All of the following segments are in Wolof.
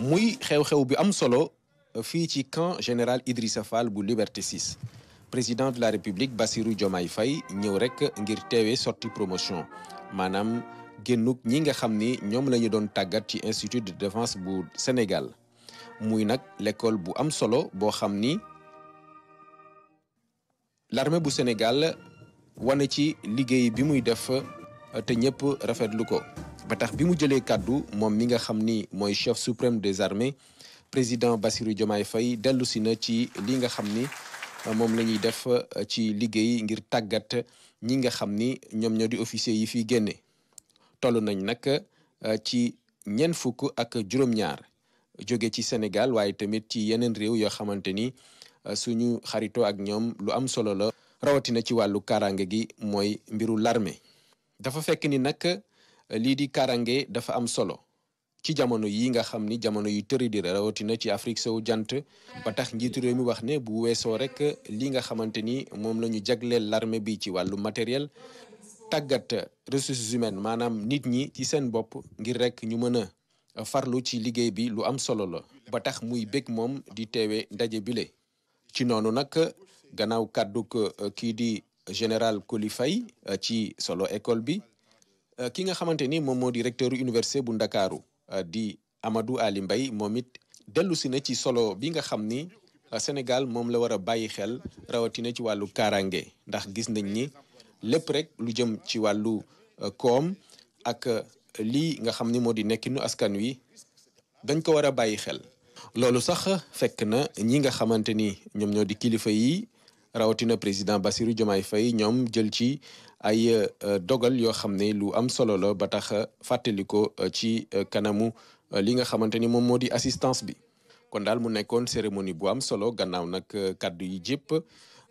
muy xew-xew bi am solo euh, fii ci camp général Idrissa Fall bu Liberté 6 président de la République Bassirou Diomaye fay ñëw rek ngir teewee sorti promotion maanaam génnug ñi nga xam ni ñoom la ñu doon tàggat ci institut de défense bu Sénégal muy nag l'école bu am solo boo xam ni l'armée bu Sénégal wane ci liggéey bi muy def te ñëpp rafetlu ko. ba tax bi mu jëlee kàddu moom mi nga xam ni mooy chef suprême des armées président Bassirou Diomaye fay dellu si na ci li nga xam ni euh, moom la ñuy def euh, ci liggéey ngir tàggat ñi nga xam ni ñoom ñoo di officier yi fiy génne toll nañ nag euh, ci ñeent fukk ak juróom-ñaar jóge ci Sénégal waaye tamit ci yeneen réew yoo xamante ni suñu xaritoo ak ñoom lu am solo la rawatina ci wàllu kaaraange gi mooy mbiru l'armée dafa fekk ni nag lii di karange dafa am solo ci jamono yi nga xam ni jamono yu tëri di rawatina ci Afrique sow jant ba tax njiitu réew mi wax ne bu weesoo rek li nga xamante ni moom la ñu jagleel larme bi ci wàllu matériel tàggat ressources humaines maanaam nit ñi ci seen bopp ngir rek ñu mën a farlu ci liggéey bi lu am solo la ba tax muy bég moom di teewe ndaje bile ci noonu nag gannaaw kàdduk kii di général Koli Faye ci solo école bi Euh, ki nga xamante ni moom moo di recteur université bu ndakaaru euh, di amadu Ali mbay moom it dellu na ci solo bi nga xam ni euh, Sénégal moom la war a bàyyi xel rawatina ci wàllu kaaraange ndax gis nañ ni lépp rek lu jëm ci wàllu koom ak lii nga xam ni moo di nekkinu askan wi dañ ko war a bàyyi xel. loolu sax fekk na ñi nga xamante ni ñoom ñoo di kilifa yi. rawatina président Bassirou Diomaye fay ñoom jël ci ay euh, dogal yoo xam ne lu am solo la ba tax euh, fàttali ko euh, ci kanamu li nga xamante ni moom moo di assistance bi kon daal mu nekkoon cérémonie bu am solo gannaaw nag kàddu yi jëpp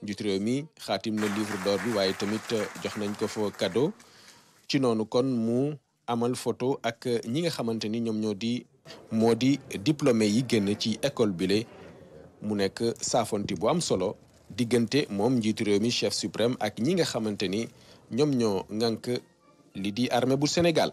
njut réew mi xaatim na livre d'or bi waaye tamit jox nañ ko fa cadeau ci noonu kon mu amal photo ak ñi nga xamante ni ñoom ñoo di moo di diplômé yi génn ci école bile mu nekk saafonti bu am solo diggante moom njiitu réew mi chef suprême ak ñi nga xamante ni ñoom ñoo ŋànk li di armée bu Sénégal